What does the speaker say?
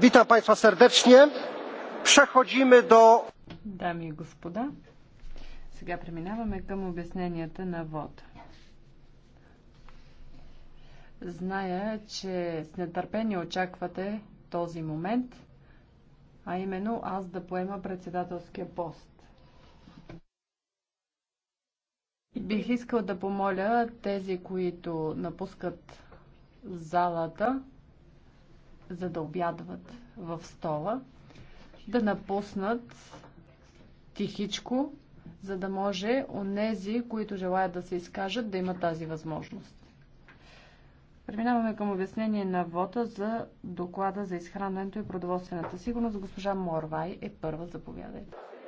Witam Państwa serdecznie. Przechodzimy do... Дами и господа, сега преминаваме към обясненията на ВОД. Зная, че с нетърпение очаквате този момент, а именно аз да поема председателския пост. Бих искал да помоля тези, които напускат залата, за да обядват в стола, да напуснат тихичко, за да може онези, които желаят да се изкажат, да имат тази възможност. Преминаваме към обяснение на вота за доклада за изхранването и продоволствената сигурност. Госпожа Морвай е първа. Заповядайте.